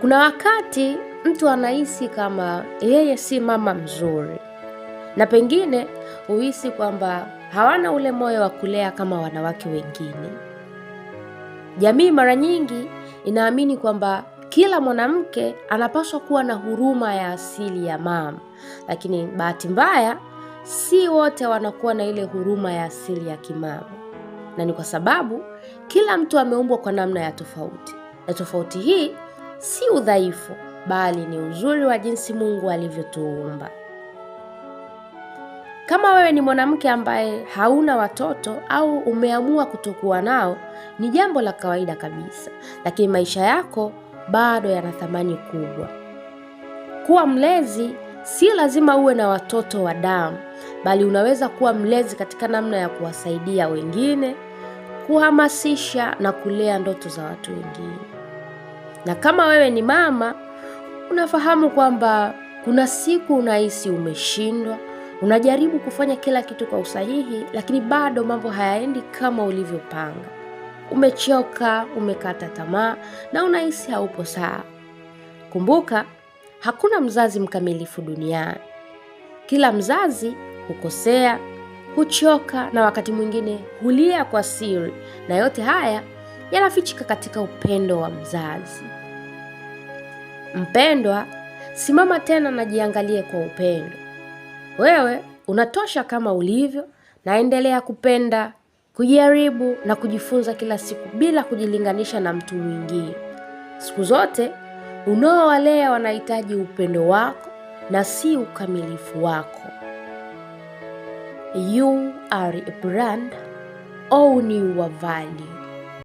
Kuna wakati mtu anahisi kama yeye si mama mzuri, na pengine huhisi kwamba hawana ule moyo wa kulea kama wanawake wengine. Jamii mara nyingi inaamini kwamba kila mwanamke anapaswa kuwa na huruma ya asili ya mama, lakini bahati mbaya si wote wanakuwa na ile huruma ya asili ya kimama, na ni kwa sababu kila mtu ameumbwa kwa namna ya tofauti, na tofauti hii si udhaifu, bali ni uzuri wa jinsi Mungu alivyotuumba. Kama wewe ni mwanamke ambaye hauna watoto au umeamua kutokuwa nao, ni jambo la kawaida kabisa, lakini maisha yako bado yana thamani kubwa. Kuwa mlezi si lazima uwe na watoto wa damu, bali unaweza kuwa mlezi katika namna ya kuwasaidia wengine, kuhamasisha na kulea ndoto za watu wengine. Na kama wewe ni mama, unafahamu kwamba kuna siku unahisi umeshindwa, unajaribu kufanya kila kitu kwa usahihi, lakini bado mambo hayaendi kama ulivyopanga. Umechoka, umekata tamaa na unahisi haupo sawa. Kumbuka, hakuna mzazi mkamilifu duniani. Kila mzazi hukosea, huchoka na wakati mwingine hulia kwa siri, na yote haya yanafichika katika upendo wa mzazi. Mpendwa, simama tena na jiangalie kwa upendo. Wewe unatosha kama ulivyo, naendelea kupenda, kujaribu na kujifunza kila siku bila kujilinganisha na mtu mwingine. Siku zote unaowalea wanahitaji upendo wako na si ukamilifu wako. You are a brand, own your value.